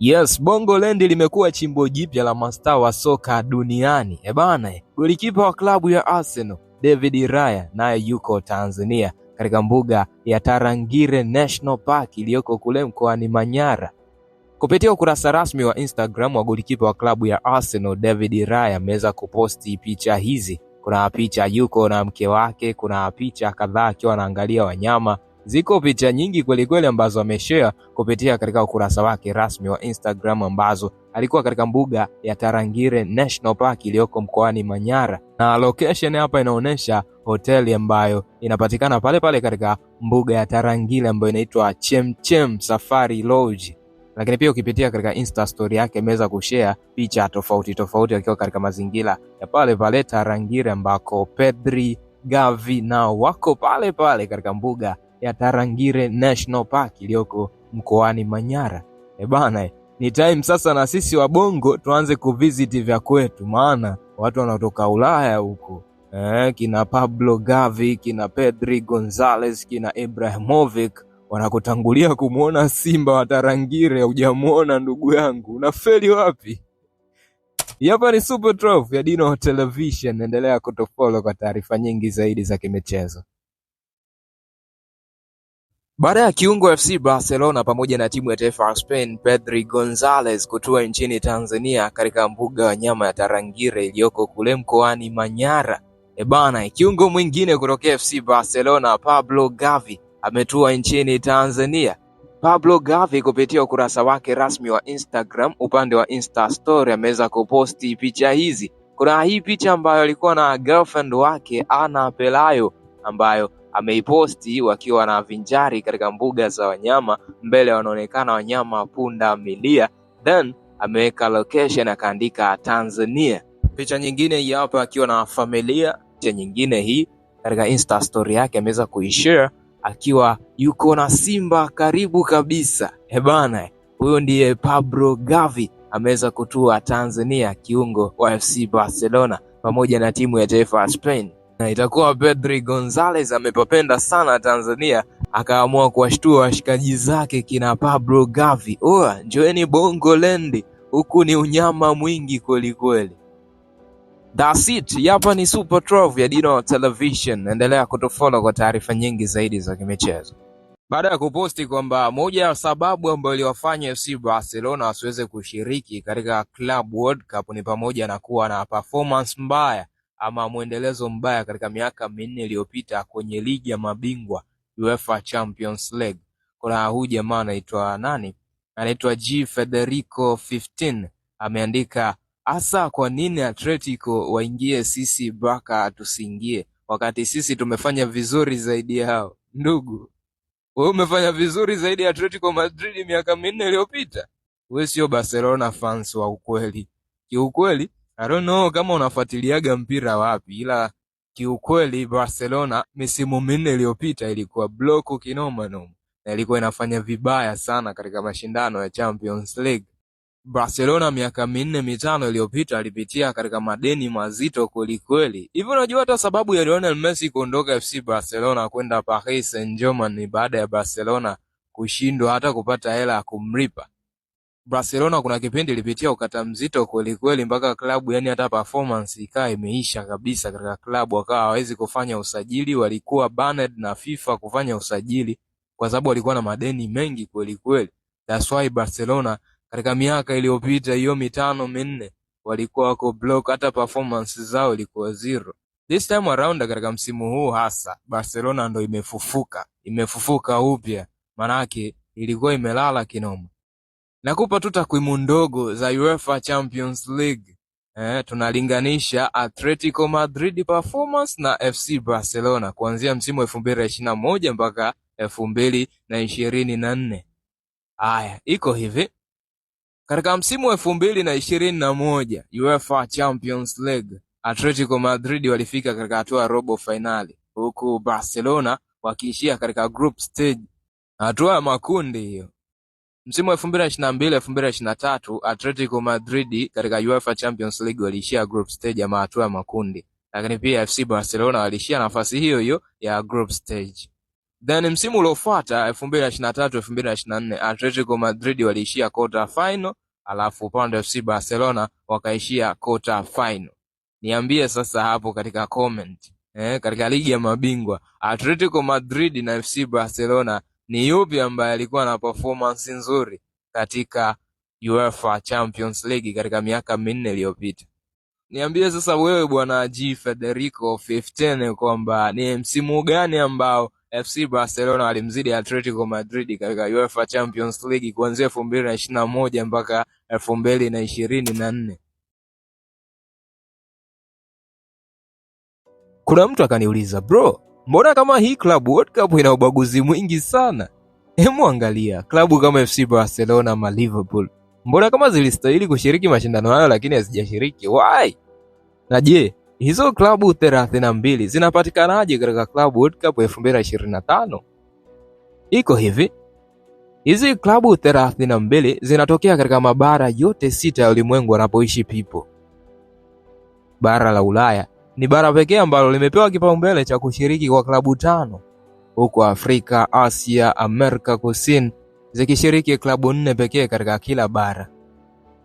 Yes, Bongo Land limekuwa chimbo jipya la mastaa wa soka duniani. ebana eh bana, golikipa wa klabu ya Arsenal David Raya naye yuko Tanzania katika mbuga ya Tarangire National Park iliyoko kule mkoani Manyara. Kupitia ukurasa rasmi wa Instagram wa golikipa wa klabu ya Arsenal David Raya ameweza kuposti picha hizi. Kuna picha yuko na mke wake, kuna picha kadhaa akiwa anaangalia wanyama Ziko picha nyingi kwelikweli ambazo ameshare kupitia katika ukurasa wake rasmi wa Instagram ambazo alikuwa katika mbuga ya Tarangire National Park iliyoko mkoani Manyara, na location hapa inaonyesha hoteli ambayo inapatikana pale pale katika mbuga ya Tarangire ambayo inaitwa Chemchem Safari Lodge lakini pia ukipitia katika insta story yake ameweza kushare picha tofauti tofauti akiwa katika mazingira ya pale pale Tarangire ambako Pedri Gavi nao wako pale pale katika mbuga ya Tarangire National Park iliyoko mkoani Manyara. E bana, ni time sasa na sisi wabongo tuanze kuvisit vya kwetu, maana watu wanaotoka Ulaya huko eh, kina Pablo Gavi, kina Pedri Gonzalez, kina Ibrahimovic wanakutangulia kumwona Simba wa Tarangire. Hujamwona ndugu yangu, unafeli wapi? Hapa ni Super Trophy ya Dino Television, endelea kutofollow kwa taarifa nyingi zaidi za kimichezo. Baada ya kiungo FC Barcelona pamoja na timu ya taifa ya Spain Pedri Gonzalez kutua nchini Tanzania katika mbuga ya wanyama ya Tarangire iliyoko kule mkoani Manyara. Ebana, kiungo mwingine kutokea FC Barcelona Pablo Gavi ametua nchini Tanzania. Pablo Gavi kupitia ukurasa wake rasmi wa Instagram, upande wa Insta story, ameweza kuposti picha hizi. Kuna hii picha ambayo alikuwa na girlfriend wake Ana Pelayo ambayo ameiposti wakiwa na vinjari katika mbuga za wanyama, mbele wanaonekana wanyama punda milia, then ameweka location akaandika Tanzania. Picha nyingine hii hapa akiwa na familia. Picha nyingine hii katika insta story yake ameweza kuishare akiwa yuko na simba karibu kabisa. Ebana, eh huyo ndiye Pablo Gavi ameweza kutua Tanzania, kiungo wa FC Barcelona pamoja na timu ya taifa ya Spain itakuwa pedri gonzalez amepapenda sana tanzania akaamua kuwashtua washikaji zake kina pablo gavi oa njoeni bongo lendi huku ni unyama mwingi kwelikweli That's it. Hapa ni Super Trove ya Dino Television. Endelea kutufollow kwa taarifa nyingi zaidi za kimichezo. Baada ya kuposti kwamba moja ya sababu ambayo iliwafanya FC Barcelona wasiweze kushiriki katika Club World Cup ni pamoja na kuwa na performance mbaya ama mwendelezo mbaya katika miaka minne iliyopita kwenye ligi ya mabingwa UEFA Champions League. Kuna huyu jamaa anaitwa nani? Anaitwa G Federico 15 ameandika hasa, kwa nini Atletico waingie, sisi Barca tusiingie, wakati sisi tumefanya vizuri zaidi yao? Ndugu wewe, umefanya vizuri zaidi ya Atletico Madrid miaka minne iliyopita. Wewe sio Barcelona fans wa ukweli, kiukweli. I don't know kama unafuatiliaga mpira wapi ila kiukweli Barcelona misimu minne iliyopita ilikuwa bloku kinoma noma na ilikuwa inafanya vibaya sana katika mashindano ya Champions League. Barcelona miaka minne mitano iliyopita alipitia katika madeni mazito kwelikweli. Hivi unajua hata sababu ya Lionel Messi kuondoka FC Barcelona kwenda Paris Saint-Germain ni baada ya Barcelona kushindwa hata kupata hela ya kumlipa. Barcelona kuna kipindi ilipitia ukata mzito kweli kweli mpaka klabu yani hata performance ikawa imeisha kabisa katika klabu, wakawa hawawezi kufanya usajili, walikuwa banned na FIFA kufanya usajili kwa sababu walikuwa na madeni mengi kweli kweli. That's why Barcelona katika miaka iliyopita hiyo mitano minne walikuwa wako block, hata performance zao ilikuwa zero. This time around katika msimu huu hasa Barcelona ndo imefufuka, imefufuka upya, manake ilikuwa imelala kinoma. Nakupa tu takwimu ndogo za uefa champions league eh, tunalinganisha atletico madrid performance na fc barcelona kuanzia msimu elfu mbili na ishirini na moja mpaka elfu mbili na ishirini na nne Aya, iko hivi katika msimu elfu mbili na ishirini na moja UEFA Champions League, Atletico Madrid walifika katika hatua ya robo fainali, huku Barcelona wakiishia katika group stage, hatua ya makundi hiyo. Msimu wa 2022 2023 Atletico Madrid katika UEFA Champions League waliishia group stage ya hatua ya makundi, lakini pia FC Barcelona waliishia nafasi hiyo hiyo ya group stage. Then msimu uliofuata 2023 2024 Atletico Madrid waliishia quarter final, alafu upande FC Barcelona wakaishia quarter final. Niambie sasa hapo katika comment eh, katika ligi ya mabingwa Atletico Madrid na FC Barcelona ni yupi ambaye alikuwa na performance nzuri katika UEFA Champions League katika miaka minne iliyopita. Niambie sasa wewe bwana G Federico 15 kwamba ni msimu gani ambao FC Barcelona walimzidi Atletico Madrid katika UEFA Champions League kuanzia 2021 mpaka 2024. Kuna mtu akaniuliza bro Mbona kama hii klabu World Cup ina ubaguzi mwingi sana? Hemu angalia klabu kama FC Barcelona ama Liverpool, mbona kama zilistahili kushiriki mashindano hayo, lakini hazijashiriki why? Na je hizo klabu 32 zinapatikanaje katika klabu World Cup 2025? Iko hivi, hizi klabu 32 zinatokea katika mabara yote sita ya ulimwengu wanapoishi people: bara la Ulaya, ni bara pekee ambalo limepewa kipaumbele cha kushiriki kwa klabu tano huku Afrika, Asia, Amerika Kusini zikishiriki klabu nne pekee katika kila bara.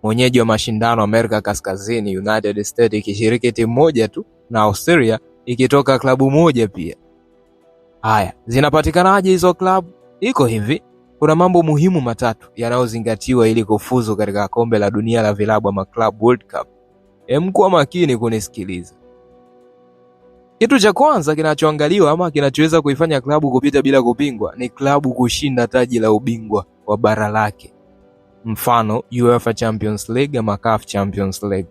Mwenyeji wa mashindano Amerika Kaskazini, United States ikishiriki timu moja tu na Australia ikitoka klabu moja pia. Haya, zinapatikanaje hizo klabu? Iko hivi, kuna mambo muhimu matatu yanayozingatiwa ili kufuzu katika kombe la dunia la vilabu ama Club World Cup. Emkuwa makini kunisikiliza. Kitu cha kwanza kinachoangaliwa ama kinachoweza kuifanya klabu kupita bila kupingwa ni klabu kushinda taji la ubingwa wa bara lake, mfano UEFA Champions League ama CAF Champions League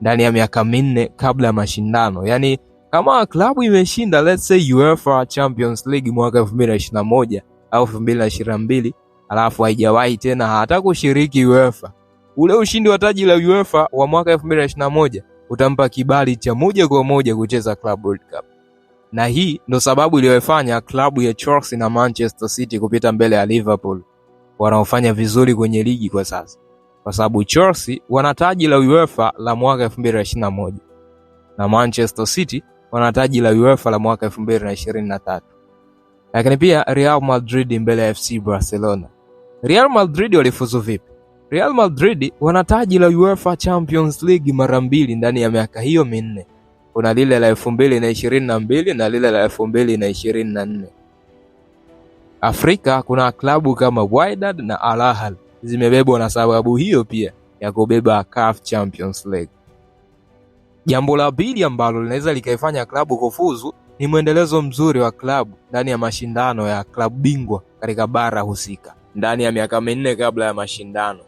ndani ya miaka minne kabla ya mashindano. Yani kama klabu imeshinda let's say UEFA Champions League mwaka 2021 au 2022 alafu haijawahi tena hata kushiriki UEFA, ule ushindi wa taji la UEFA wa mwaka 2021 utampa kibali cha moja kwa moja kucheza Club World Cup na hii ndo sababu iliyofanya klabu ya Chelsea na Manchester City kupita mbele ya Liverpool wanaofanya vizuri kwenye ligi kwa sasa, kwa sababu Chelsea wana taji la UEFA la mwaka 2021 na Manchester City wana taji la UEFA la mwaka 2023. Lakini pia Real Madrid mbele ya FC Barcelona. Real Madrid walifuzu vipi? Real Madrid wana taji la UEFA Champions League mara mbili ndani ya miaka hiyo minne. Kuna lile la 2022 na na na lile la 2024. na na Afrika kuna klabu kama Wydad na Al Ahly zimebebwa na sababu hiyo pia ya kubeba CAF Champions League. Jambo la pili ambalo linaweza likaifanya klabu kufuzu ni mwendelezo mzuri wa klabu ndani ya mashindano ya klabu bingwa katika bara husika ndani ya miaka minne kabla ya mashindano.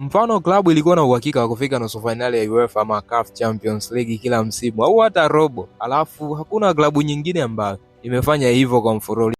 Mfano klabu ilikuwa na uhakika wa kufika nusu fainali ya UEFA ama CAF Champions League kila msimu au hata robo, alafu hakuna klabu nyingine ambayo imefanya hivyo kwa mfululizo.